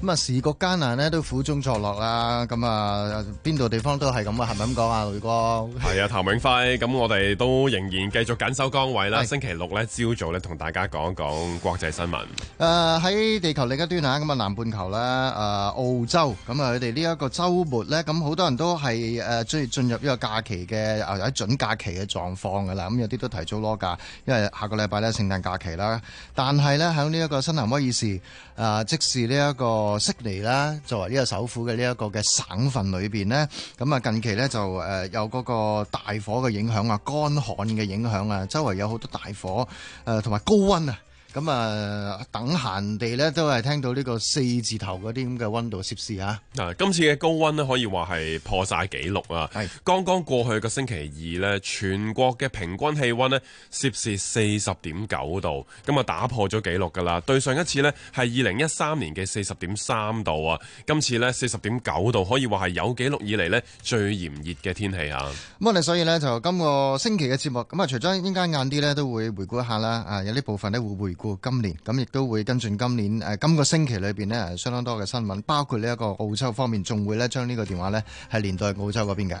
咁啊，時局艱難咧，都苦中作樂啦。咁啊，邊度地方都係咁啊，係咪咁講啊，雷哥？係啊，譚永輝。咁我哋都仍然繼續緊守崗位啦。星期六咧，朝早咧，同大家講講國際新聞。誒，喺地球另一端啊，咁啊，南半球咧，誒，澳洲。咁啊，佢哋呢一個週末咧，咁好多人都係誒，鍾意進入呢個假期嘅啊，喺準假期嘅狀況噶啦。咁有啲都提早攞假，因為下個禮拜咧聖誕假期啦。但係咧，喺呢一個新南威爾士，誒，即是呢一個。悉尼啦，作為呢個首府嘅呢一個嘅省份裏邊呢，咁啊近期呢就誒有嗰個大火嘅影響啊，乾旱嘅影響啊，周圍有好多大火，誒同埋高溫啊。咁啊、嗯，等閒地咧都係聽到呢個四字頭嗰啲咁嘅温度攝氏啊！嗱，今次嘅高温呢可以話係破晒紀錄啊！係是，剛剛過去個星期二呢，全國嘅平均氣温呢攝氏四十點九度，咁、嗯、啊打破咗紀錄噶啦！對上一次呢係二零一三年嘅四十點三度啊，今次呢四十點九度可以話係有記錄以嚟呢最炎熱嘅天氣啊。咁我哋所以呢，就今個星期嘅節目，咁、嗯、啊除咗應該晏啲呢都會回顧一下啦，啊有啲部分呢會回顧。今年咁亦都會跟進今年誒今、呃，這個星期裏邊咧，相當多嘅新聞，包括呢一個澳洲方面，仲會咧將呢個電話咧係連到澳洲嗰邊嘅。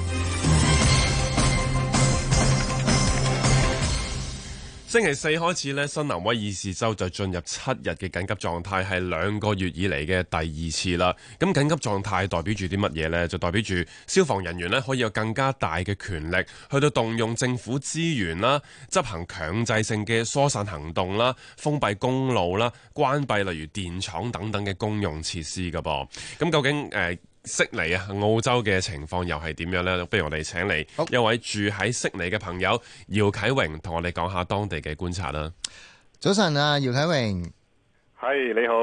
星期四開始呢，新南威爾士州就進入七日嘅緊急狀態，係兩個月以嚟嘅第二次啦。咁緊急狀態代表住啲乜嘢呢？就代表住消防人員呢可以有更加大嘅權力，去到動用政府資源啦，執行強制性嘅疏散行動啦，封閉公路啦，關閉例如電廠等等嘅公用設施㗎噃。咁究竟誒，呃悉尼啊，澳洲嘅情況又係點樣呢？不如我哋請嚟好一位住喺悉尼嘅朋友姚啟榮，同我哋講下當地嘅觀察啦。早晨啊，姚啟榮。係你好，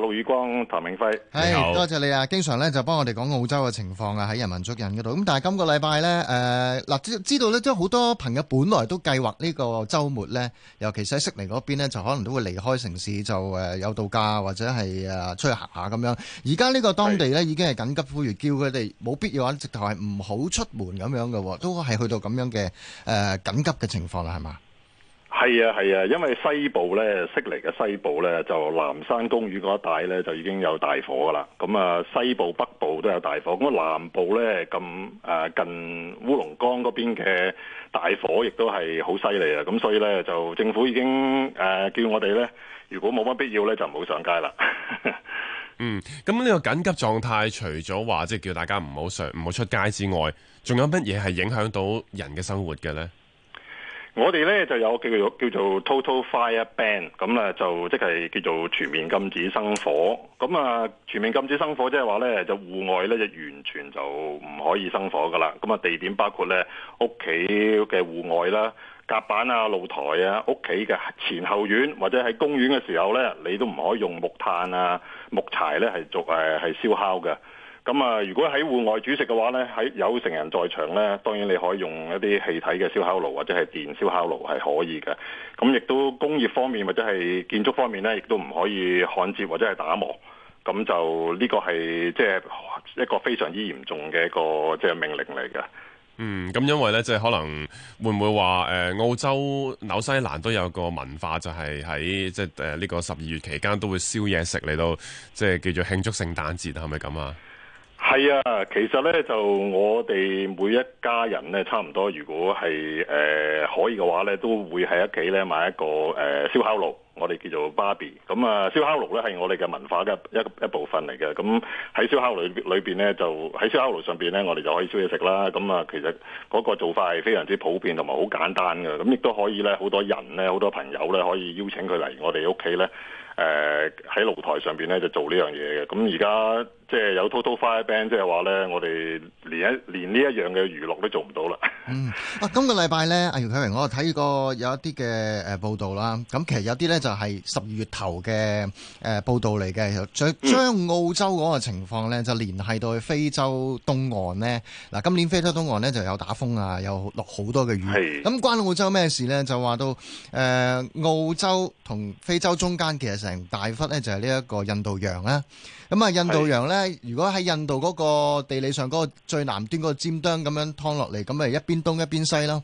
誒，陸宇光、譚明輝，係 Hi, 好多謝你啊！經常咧就幫我哋講澳洲嘅情況啊，喺《人民族人嗰度。咁但係今個禮拜咧，誒，嗱，知知道咧，都好多朋友本來都計劃呢個周末咧，尤其是喺悉尼嗰邊咧，就可能都會離開城市就，就誒有度假或者係啊、呃、出去行下咁樣。而家呢個當地咧是已經係緊急呼籲，叫佢哋冇必要話直頭係唔好出門咁樣嘅，都係去到咁樣嘅誒緊急嘅情況啦，係嘛？係啊係啊，因為西部呢，悉尼嘅西部呢，就南山公園嗰一帶呢，就已經有大火噶啦。咁啊，西部北部都有大火。咁南部呢，咁誒近烏龍江嗰邊嘅大火，亦都係好犀利啊。咁所以呢，就政府已經誒叫我哋呢，如果冇乜必要呢，就唔好上街啦。 嗯，咁呢個緊急狀態，除咗話即係叫大家唔好上唔好出街之外，仲有乜嘢係影響到人嘅生活嘅呢？我哋咧就有個叫叫做 Total Fire Ban，咁咧就即係叫做全面禁止生火。咁啊，全面禁止生火即係話咧，就戶外咧就完全就唔可以生火噶啦。咁啊，地點包括咧屋企嘅戶外啦、甲板啊、露台啊、屋企嘅前後院或者喺公園嘅時候咧，你都唔可以用木炭啊、木柴咧係做誒係燒烤嘅。咁啊！如果喺戶外煮食嘅話咧，喺有成人在場咧，當然你可以用一啲氣體嘅燒烤爐或者係電燒烤爐係可以嘅。咁亦都工業方面或者係建築方面咧，亦都唔可以焊接或者係打磨。咁就呢個係即係一個非常之嚴重嘅一個即係命令嚟嘅。嗯，咁因為咧即係可能會唔會話誒澳洲紐西蘭都有個文化，就係喺即係誒呢個十二月期間都會燒嘢食嚟到，即係叫做慶祝聖誕節，係咪咁啊？係啊，其實咧就我哋每一家人咧差唔多，如果係誒、呃、可以嘅話咧，都會喺屋企咧買一個誒、呃、燒烤爐，我哋叫做 barbie、嗯、咁啊，燒烤爐咧係我哋嘅文化嘅一一部分嚟嘅。咁、嗯、喺燒烤爐裏裏邊咧，就喺燒烤爐上邊咧，我哋就可以燒嘢食啦。咁、嗯、啊，其實嗰個做法係非常之普遍同埋好簡單嘅。咁亦都可以咧，好多人咧，好多朋友咧，可以邀請佢嚟我哋屋企咧，誒喺露台上邊咧就做呢樣嘢嘅。咁而家。即係有 total fire ban，即係話咧，我哋連一連呢一樣嘅娛樂都做唔到啦。嗯，啊，今個禮拜咧，阿姚啟明，我睇過有一啲嘅誒報道啦。咁其實有啲咧就係十二月頭嘅誒、呃、報道嚟嘅，就將澳洲個情況咧就聯繫到去非洲東岸咧。嗱，今年非洲東岸咧就有打風啊，有落好多嘅雨。係是。咁、啊、關澳洲咩事咧？就話到誒、呃、澳洲同非洲中間其實成大忽咧就係呢一個印度洋啦、啊。咁、嗯、啊，印度洋咧。如果喺印度嗰個地理上嗰個最南端嗰個尖端咁樣拖落嚟，咁咪一邊東一邊西咯。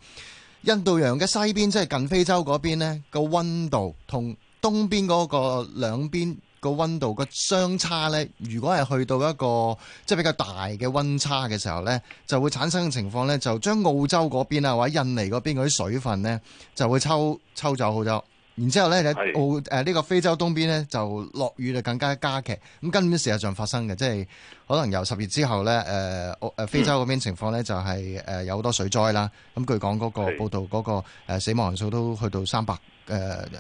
印度洋嘅西邊即係近非洲嗰邊呢，個温度同東邊嗰個兩邊個温度個相差呢，如果係去到一個即係比較大嘅温差嘅時候呢，就會產生嘅情況呢，就將澳洲嗰邊啊或者印尼嗰邊嗰啲水分呢，就會抽抽走好多。然之後咧喺是澳誒呢、呃這個非洲東邊咧就落雨就更加加，加劇，咁今年事實上發生嘅，即、就、係、是、可能由十月之後咧誒澳非洲嗰邊情況咧、嗯、就係、是、誒、呃、有好多水災啦。咁、嗯、據講嗰個報道嗰、那個是、呃、死亡人數都去到三百誒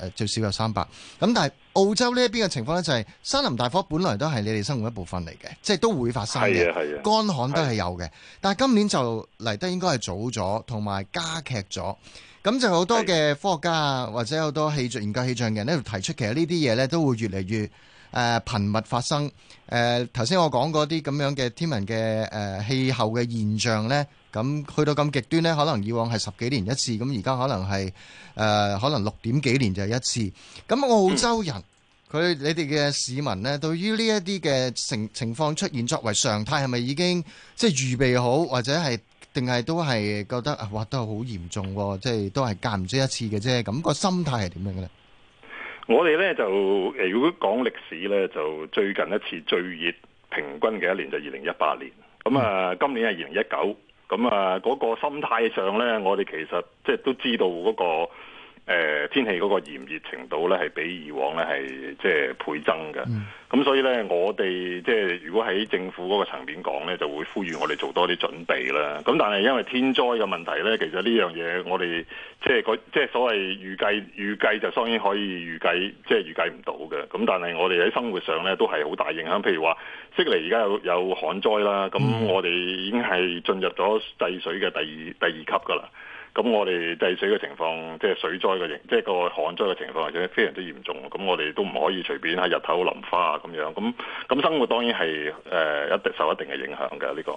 誒最少有三百、嗯。咁但係澳洲邊呢一邊嘅情況咧就係、是、山林大火本來都係你哋生活一部分嚟嘅，即、就、係、是、都會發生嘅，啊啊、乾旱都係有嘅。啊、但係今年就嚟得應該係早咗，同埋加劇咗。咁就好多嘅科學家啊，或者好多氣象研究氣象嘅人呢，咧，提出其實呢啲嘢呢都會越嚟越誒頻、呃、密發生。誒頭先我講嗰啲咁樣嘅天文嘅誒氣候嘅現象呢，咁去到咁極端呢，可能以往係十幾年一次，咁而家可能係誒、呃、可能六點幾年就一次。咁澳洲人佢 你哋嘅市民呢，對於呢一啲嘅情情況出現作為常態，係咪已經即係預備好或者係？定係都係覺得哇，都係好嚴重喎，即係都係間唔出一次嘅啫。咁個心態係點樣嘅咧？我哋咧就誒，如果講歷史咧，就最近一次最熱平均嘅一年就二零一八年。咁啊，今年係二零一九。咁啊，嗰個心態上咧，我哋其實即係都知道嗰個。誒天氣嗰個炎熱程度咧，係比以往咧係即係倍增嘅。咁、mm. 所以咧，我哋即係如果喺政府嗰個層面講咧，就會呼籲我哋做多啲準備啦。咁但係因為天災嘅問題咧，其實呢樣嘢我哋即係即係所謂預計預計就當然可以預計，即、就、係、是、預計唔到嘅。咁但係我哋喺生活上咧都係好大影響。譬如話，悉尼而家有有旱災啦，咁我哋已經係進入咗制水嘅第二第二級㗎喇。咁我哋制水嘅情況，即係水災嘅形，即係個旱災嘅情況，或者非常之嚴重。咁我哋都唔可以隨便喺日頭淋花啊咁樣。咁咁生活當然係誒一定受一定嘅影響嘅呢、呢個。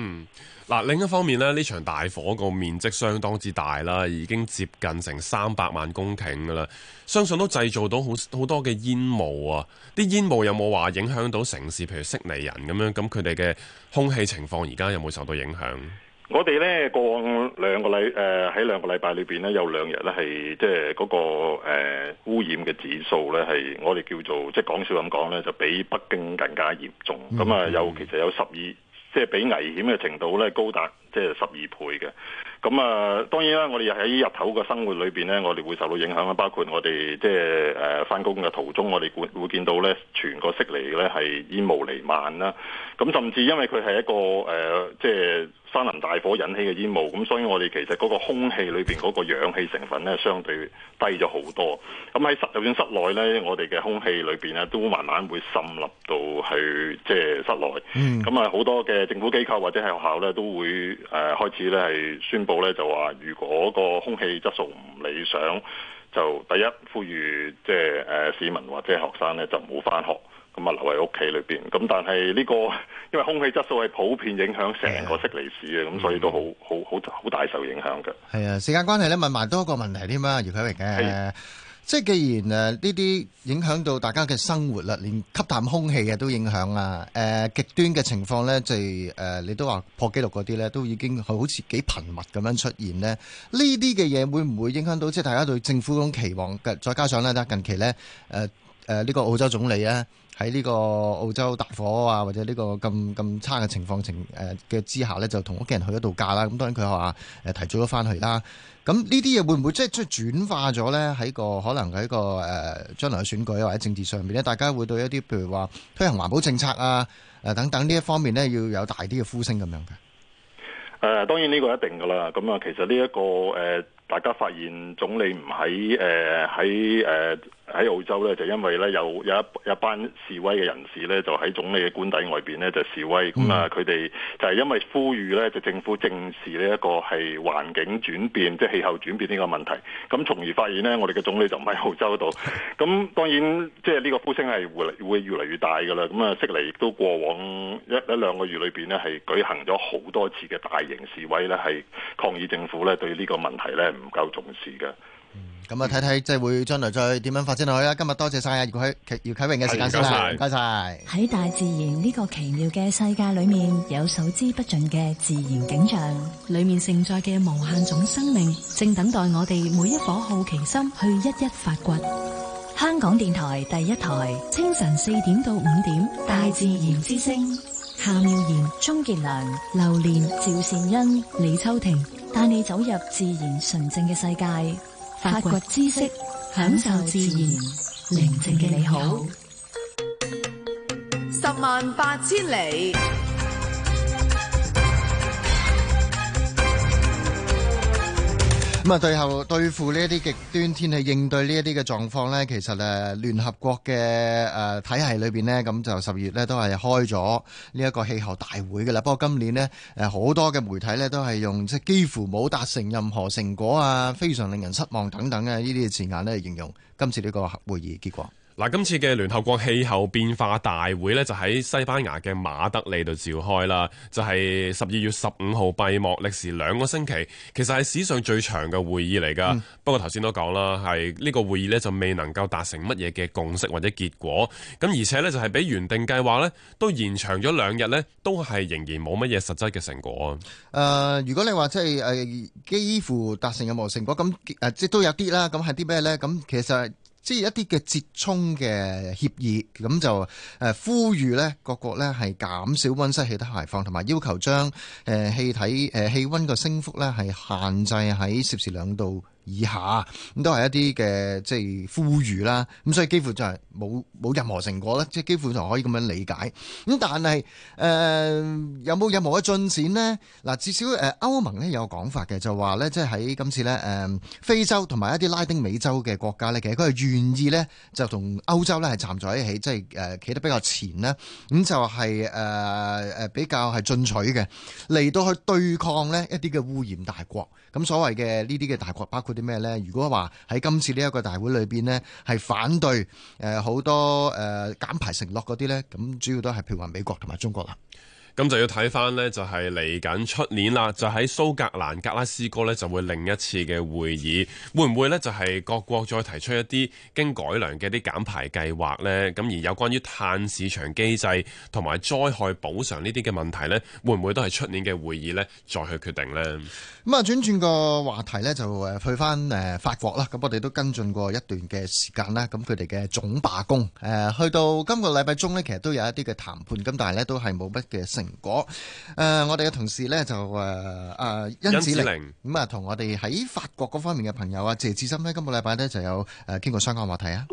嗯，嗱，另一方面呢，呢場大火個面積相當之大啦，已經接近成三百萬公頃嘅啦。相信都製造到好好多嘅煙霧啊！啲煙霧有冇話影響到城市，譬如悉尼人咁樣，咁佢哋嘅空氣情況而家有冇受到影響？我哋咧過兩個禮，誒喺兩個禮拜裏邊咧有兩日咧係即係嗰個誒污染嘅指數咧係我哋叫做即係講笑咁講咧就比北京更加嚴重，咁啊有其實有十二即係比危險嘅程度咧高達。即係十二倍嘅，咁啊當然啦，我哋又喺日頭嘅生活裏邊咧，我哋會受到影響啦。包括我哋即係誒翻工嘅途中，我哋會會見到咧，全個悉尼咧係煙霧瀰漫啦。咁甚至因為佢係一個誒即係山林大火引起嘅煙霧，咁所以我哋其實嗰個空氣裏邊嗰個氧氣成分咧，相對低咗好多。咁喺室就算室內咧，我哋嘅空氣裏邊啊，都慢慢會滲入到去即係室內。咁啊，好多嘅政府機構或者係學校咧，都會。誒開始咧係宣布咧就話，如果個空氣質素唔理想，就第一呼籲即係誒市民或者學生咧就唔好翻學，咁啊留喺屋企裏邊。咁但係呢、這個，因為空氣質素係普遍影響成個悉尼市嘅，咁的、嗯、所以都好好好大受影響嘅。係啊，時間關係咧問埋多個問題添啊，姚啟榮嘅。係啊。即係既然誒呢啲影響到大家嘅生活啦，連吸淡空氣啊都影響啊，誒、呃、極端嘅情況咧，就係誒、呃、你都話破紀錄嗰啲咧，都已經好似幾頻密咁樣出現咧。呢啲嘅嘢會唔會影響到即係大家對政府嗰種期望？嘅再加上咧，近期咧誒。呃誒呢、呃這個澳洲總理咧，喺呢個澳洲大火啊，或者呢個咁咁差嘅情況情誒嘅之下呢就同屋企人去咗度假啦。咁當然佢話誒提早咗返去啦。咁、嗯、呢啲嘢會唔會即係即係轉化咗咧？喺個可能喺個誒將、呃、來嘅選舉或者政治上面，咧，大家會對一啲譬如話推行環保政策啊誒、呃、等等呢一方面呢，要有大啲嘅呼聲咁樣嘅。誒、呃、當然呢個一定㗎喇。咁、嗯、啊，其實呢、這、一個誒、呃，大家發現總理唔喺誒喺誒。呃呃呃呃喺澳洲咧，就因為咧有有一一班示威嘅人士咧，就喺總理嘅官邸外邊咧就示威。咁啊，佢哋就係因為呼籲咧，就政府正視呢一個係環境轉變，即係氣候轉變呢個問題。咁從而發現咧，我哋嘅總理就唔喺澳洲度。咁當然，即係呢個呼聲係會會越嚟越大噶啦。咁啊，悉尼亦都過往一一兩個月裏邊咧，係舉行咗好多次嘅大型示威咧，係抗議政府咧對呢個問題咧唔夠重視嘅。咁啊，睇睇即係會將來再點樣發展落去啦。今日多謝晒姚啟姚啟榮嘅時間，多謝唔該晒。喺大自然呢個奇妙嘅世界裏面，有數之不盡嘅自然景象，裏面承載嘅無限種生命，正等待我哋每一顆好奇心去一一發掘。香港電台第一台，清晨四點到五點，《大自然之聲》。夏妙然、鍾杰良、劉蓮、趙善恩、李秋婷帶你走入自然純正嘅世界。發掘知識，享受自然，寧靜嘅美好。十萬八千里。咁啊，最後對付呢一啲極端天氣，應對呢一啲嘅狀況呢，其實誒，聯合國嘅誒體系裏邊呢，咁就十月呢都係開咗呢一個氣候大會㗎喇。不過今年呢，誒好多嘅媒體呢都係用即幾乎冇達成任何成果啊，非常令人失望等等嘅呢啲字眼嚟形容今次呢個會議結果。嗱，今次嘅聯合國氣候變化大會呢，就喺西班牙嘅馬德里度召開啦，就係十二月十五號閉幕，歷時兩個星期，其實係史上最長嘅會議嚟㗎。嗯、不過頭先都講啦，係呢個會議呢就未能夠達成乜嘢嘅共識或者結果，咁而且呢，就係、是、比原定計劃呢都延長咗兩日呢都係仍然冇乜嘢實質嘅成果。誒、呃，如果你話即係誒幾乎達成任何成果咁誒、呃，即都有啲啦。咁係啲咩呢？咁其實～即係一啲嘅折衷嘅協議，咁就誒呼籲咧，各國咧係減少溫室氣體排放，同埋要求將誒、呃、氣體誒、呃、氣溫嘅升幅咧係限制喺攝氏兩度。以下咁都係一啲嘅即係呼籲啦，咁所以幾乎就係冇冇任何成果咧，即係幾乎就可以咁樣理解。咁但係誒、呃，有冇任何嘅進展咧？嗱，至少誒歐、呃、盟咧有個講法嘅，就話咧即係喺今次咧誒、呃、非洲同埋一啲拉丁美洲嘅國家咧，其實佢係願意咧就同歐洲咧係站在一起，即係誒企得比較前啦，咁就係誒誒比較係進取嘅，嚟到去對抗咧一啲嘅污染大國，咁所謂嘅呢啲嘅大國包括啲咩咧？如果話喺今次呢一個大會裏邊咧，係反對誒好多誒減排承諾嗰啲咧，咁主要都係譬如話美國同埋中國啦。咁就要睇翻呢，就係嚟緊出年啦，就喺蘇格蘭格拉斯哥呢，就會另一次嘅會議，會唔會呢？就係、是、各國再提出一啲經改良嘅啲減排計劃呢？咁而有關於碳市場機制同埋災害補償呢啲嘅問題呢，會唔會都係出年嘅會議呢？再去決定呢？咁啊，轉轉個話題呢，就誒去翻誒法國啦。咁我哋都跟進過一段嘅時間啦。咁佢哋嘅總罷工，誒、呃、去到今個禮拜中呢，其實都有一啲嘅談判，咁但係呢，都係冇乜嘅成果，誒、呃，我哋嘅同事咧就誒誒，甄、呃、梓鈴咁啊，同我哋喺法國嗰方面嘅朋友啊，謝智森咧，今個禮拜咧就有誒，傾過相關話題啊。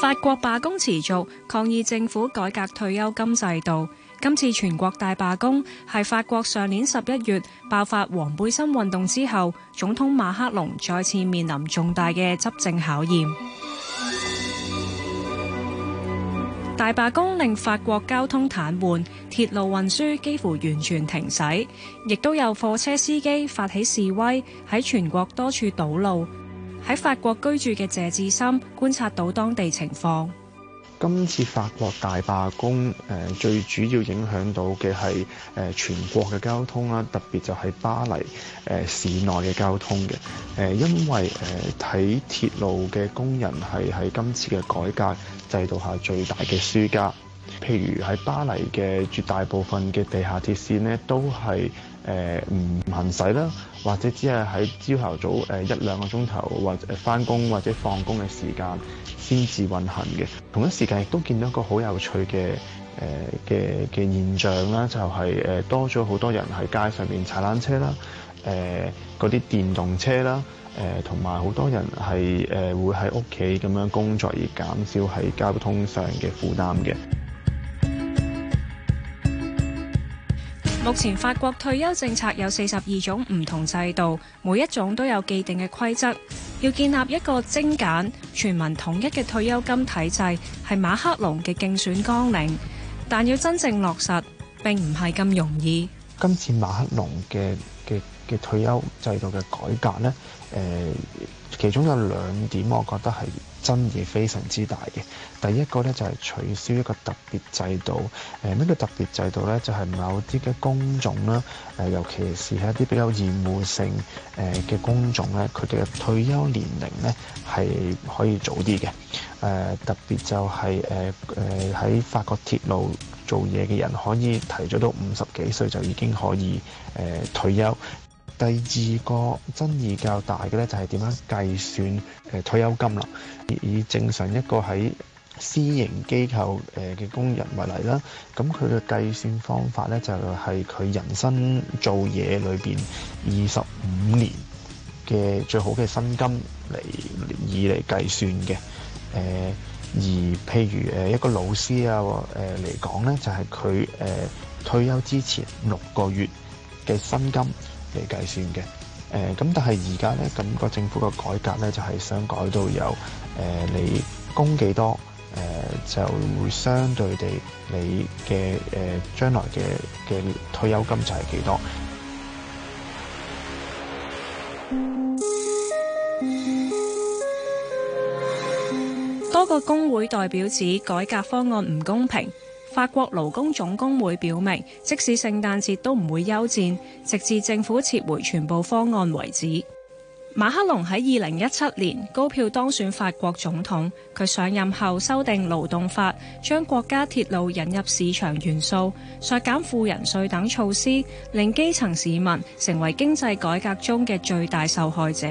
法國罷工持續抗議政府改革退休金制度。今次全國大罷工係法國上年十一月爆發黃背心運動之後，總統馬克龍再次面臨重大嘅執政考驗。大罷工令法國交通癱瘓，鐵路運輸幾乎完全停駛，亦都有貨車司機發起示威，喺全國多處堵路。喺法國居住嘅謝智森觀察到當地情況。今次法國大罷工，誒、呃、最主要影響到嘅係誒全國嘅交通啦，特別就係巴黎誒、呃、市內嘅交通嘅，誒、呃、因為誒睇、呃、鐵路嘅工人係喺今次嘅改革制度下最大嘅輸家，譬如喺巴黎嘅絕大部分嘅地下鐵線呢都係，誒唔、呃、行駛啦，或者只係喺朝頭早誒一兩個鐘頭或者翻工或者放工嘅時間先至運行嘅。同一時間亦都見到一個好有趣嘅誒嘅嘅現象啦，就係、是、誒多咗好多人喺街上面踩單車啦，誒嗰啲電動車啦，誒同埋好多人係誒、呃、會喺屋企咁樣工作而減少喺交通上嘅負擔嘅。目前法國退休政策有四十二種唔同制度，每一種都有既定嘅規則。要建立一個精簡、全民統一嘅退休金體制，係馬克龍嘅競選綱領，但要真正落實，並唔係咁容易。今次馬克龍嘅嘅嘅退休制度嘅改革呢。誒，其中有兩點，我覺得係爭議非常之大嘅。第一個咧就係、是、取消一個特別制度，誒、呃、呢、那個特別制度呢，就係、是、某啲嘅工種啦，誒、呃、尤其是喺一啲比較厭惡性嘅工種呢，佢哋嘅退休年齡呢係可以早啲嘅。誒、呃、特別就係誒誒喺法國鐵路做嘢嘅人可以提早到五十幾歲就已經可以誒、呃、退休。第二個爭議較大嘅咧，就係點樣計算誒退休金啦。以正常一個喺私營機構誒嘅工人為例啦，咁佢嘅計算方法咧就係佢人生做嘢裏面二十五年嘅最好嘅薪金嚟以嚟計算嘅誒。而譬如誒一個老師啊誒嚟講咧，就係佢誒退休之前六個月嘅薪金。嚟計算嘅，誒咁，但係而家咧，咁個政府嘅改革咧，就係想改到有，誒你供幾多，誒就會相對地你嘅誒將來嘅嘅退休金就係幾多。多個工會代表指改革方案唔公平。法國勞工總工會表明，即使聖誕節都唔會休戰，直至政府撤回全部方案為止。馬克龍喺二零一七年高票當選法國總統，佢上任後修訂勞動法，將國家鐵路引入市場元素，削減富人稅等措施，令基層市民成為經濟改革中嘅最大受害者。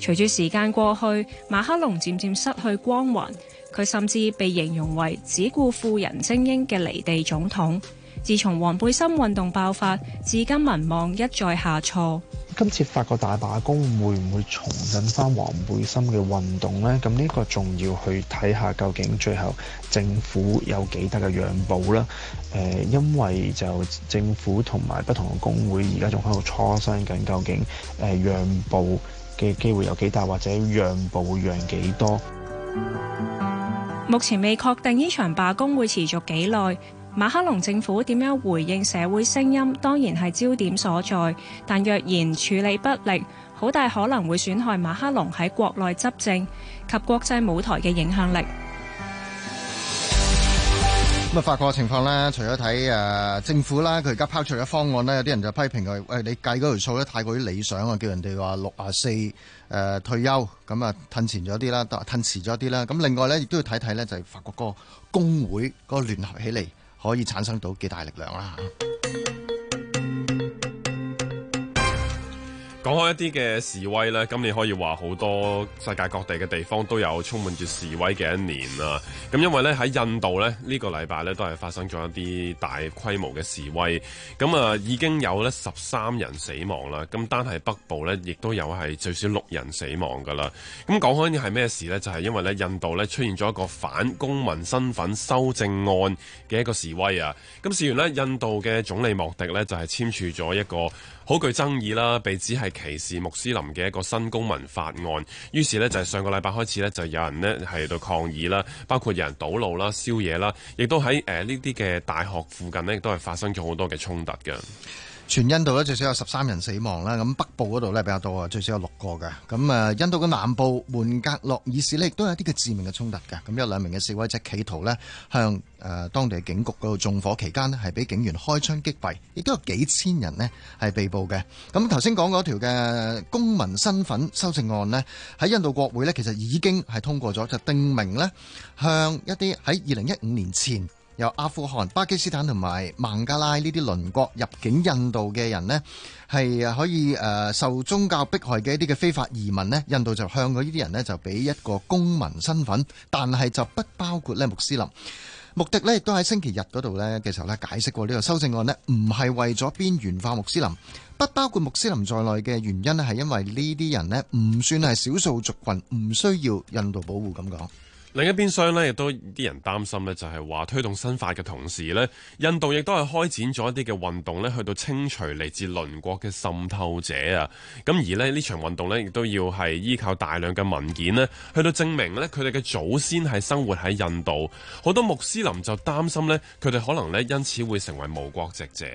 隨住時間過去，馬克龍漸漸漸失去光環。佢甚至被形容為只顧富人精英嘅離地總統。自從黃背心運動爆發，至今民望一再下挫。今次法國大罷工會唔會重振翻黃背心嘅運動咧？咁呢個仲要去睇下究竟最後政府有幾大嘅讓步啦？誒、呃，因為就政府同埋不同嘅工會而家仲喺度磋商緊，究竟誒、呃、讓步嘅機會有幾大，或者讓步讓幾多？目前未確定呢場罷工會持續幾耐。馬克龍政府點樣回應社會聲音，當然係焦點所在。但若然處理不力，好大可能會損害馬克龍喺國內執政及國際舞台嘅影響力。咁啊，法國嘅情況咧，除咗睇誒政府啦，佢而家拋出嘅方案咧，有啲人就批評佢，喂，你計嗰條數咧，太過於理想啊，叫人哋話六啊四誒退休，咁啊，褪前咗啲啦，褪遲咗啲啦。咁另外咧，亦都要睇睇咧，就係法國個工會嗰個聯合起嚟，可以產生到幾大力量啦。講開一啲嘅示威呢，咁你可以話好多世界各地嘅地方都有充滿住示威嘅一年啊。咁因為呢，喺印度呢，呢個禮拜呢都係發生咗一啲大規模嘅示威，咁啊已經有呢十三人死亡啦。咁單係北部呢，亦都有係最少六人死亡噶啦。咁講開係咩事呢？就係因為呢印度呢出現咗一個反公民身份修正案嘅一個示威啊。咁事完呢，印度嘅總理莫迪呢就係簽署咗一個。好具爭議啦，被指係歧視穆斯林嘅一個新公民法案，於是呢，就係、係、上個禮拜開始呢，就有人咧喺到抗議啦，包括有人堵路啦、宵夜啦，亦都喺誒呢啲嘅大學附近呢，亦都係發生咗好多嘅衝突嘅。全印度咧最少有十三人死亡啦，咁北部嗰度咧比較多啊，最少有六個噶。咁啊，印度嘅南部門格洛爾市咧亦都有啲嘅致命嘅衝突嘅。咁有兩名嘅示威者企圖咧向誒當地嘅警局嗰度縱火，期間咧係俾警員開槍擊斃，亦都有幾千人咧係被捕嘅。咁頭先講嗰條嘅公民身份修正案咧，喺印度國會咧其實已經係通過咗，就定名咧向一啲喺二零一五年前。有阿富汗、巴基斯坦同埋孟加拉呢啲鄰國入境印度嘅人呢，係可以誒、呃、受宗教迫害嘅一啲嘅非法移民呢，印度就向嗰呢啲人呢，就俾一個公民身份，但係就不包括咧穆斯林。穆迪呢亦都喺星期日嗰度呢嘅時候咧解釋過呢個修正案呢，唔係為咗邊緣化穆斯林，不包括穆斯林在內嘅原因呢，係因為呢啲人呢，唔算係少數族群，唔需要印度保護咁講。另一邊廂呢，亦都啲人擔心呢，就係話推動新法嘅同時呢，印度亦都係開展咗一啲嘅運動呢，去到清除嚟自鄰國嘅滲透者啊。咁而呢呢場運動呢，亦都要係依靠大量嘅文件呢，去到證明呢，佢哋嘅祖先係生活喺印度。好多穆斯林就擔心呢，佢哋可能呢，因此會成為無國籍者。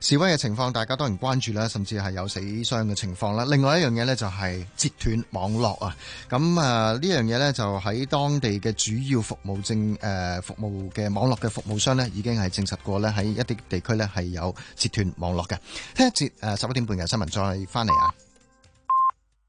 示威嘅情況大家當然關注啦，甚至係有死傷嘅情況啦。另外一樣嘢呢，就係截斷網絡啊。咁啊呢樣嘢呢，就喺當地。嘅主要服務政誒、呃、服務嘅網絡嘅服務商咧，已經係證實過咧，喺一啲地區咧係有切斷網絡嘅。聽一節誒，十一點半嘅新聞再翻嚟啊！